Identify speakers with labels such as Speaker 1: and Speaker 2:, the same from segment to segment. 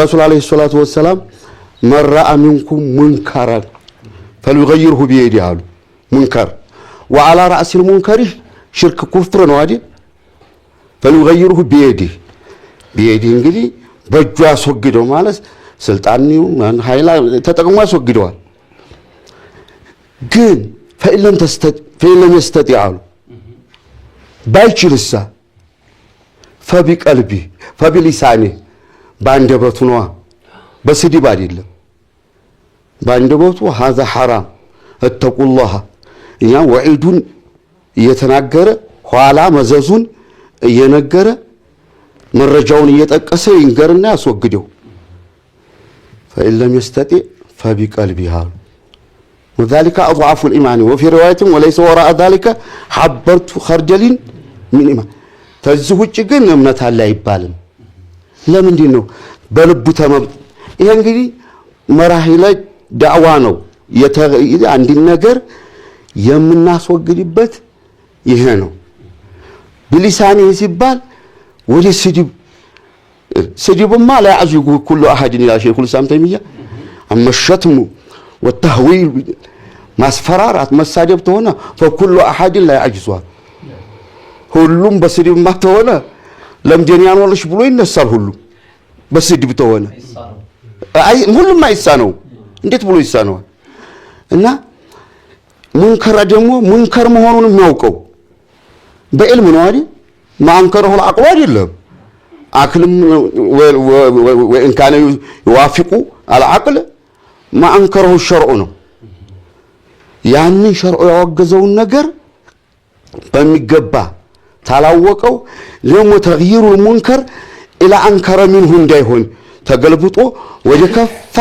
Speaker 1: ረሱል ዓለይሂ ሰላቱ ወሰላም መራአ ሚንኩም ሙንከረን ፈልዩገይርሁ ቢየዲ አሉ። ሙንከር ወዓላ ራእሲል ሙንከሪህ ሽርክ ኩፍር ነው አይደል? ፈልዩገይርሁ ቢየዲ ቢየዲ እንግዲህ በእጁ ያስወግደው ማለት ስልጣን ኃይላ ተጠቅሞ ያስወግደዋል። ግን ፈኢለም የስተጢ አሉ ባይችልሳ ፈቢቀልቢ ፈቢሊሳኔ በአንደበቱ ነዋ፣ በስድብ አይደለም። በአንደበቱ ሀዛ ሐራም እተቁላሃ እኛ ወዒዱን እየተናገረ ኋላ መዘዙን እየነገረ መረጃውን እየጠቀሰ ይንገርና ያስወግደው። ፈኢን ለም የስተጢዕ ፈቢቀልቢሃ ወዛሊከ አድዓፉ ልኢማን ወፊ ሪዋየትም ወለይሰ ወራአ ዛሊከ ሐበርቱ ኸርደሊን ሚን ኢማን። ከዚህ ውጭ ግን እምነት አለ አይባልም። ለምንድን ነው በልቡ ተመ ይሄ እንግዲህ መራሂ ላይ ዳዕዋ ነው። አንድን ነገር የምናስወግድበት ይሄ ነው። ብሊሳኒ ሲባል ወደ ስድብ ስድብማ ላይ አዝጉ ኩሉ አሐድን ያ ሸይኹል ኢስላም ተይሚያ አመሸትሙ ወተህዊል ማስፈራራት መሳደብ ተሆነ ፈኩሉ አሐድን ላይ አጅዟል ሁሉም በስድብማ ተሆነ ለምዴን ያኖርሽ ብሎ ይነሳል። ሁሉ በስድብ ተሆነ ሁሉም አይሳ ነው። እንዴት ብሎ ይሳ ይሳነዋል? እና ሙንከራ ደግሞ ሙንከር መሆኑን የሚያውቀው በዕልም ነው አይደል? ማንከረ ሁሉ አቅሎ አይደለም አክልም ወእንካነ ይዋፊቁ አልዓቅል ማንከረሁ ሸርዑ ነው። ያንን ሸርዑ ያወገዘውን ነገር በሚገባ ታላወቀው ደግሞ ተግይሩል ሙንከር ኢላ አንከረ ሚንሁ እንዳይሆን ተገልብጦ ወደ ከፋ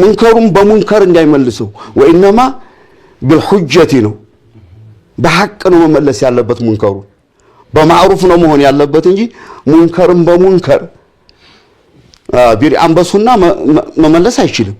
Speaker 1: ሙንከሩን በሙንከር እንዳይመልሰው ወኢነማ ብልሑጀቲ ነው፣ በሐቅ ነው መመለስ ያለበት ሙንከሩ በማዕሩፍ ነው መሆን ያለበት እንጂ ሙንከርን በሙንከር ቢሪ አንበሱና መመለስ አይችልም።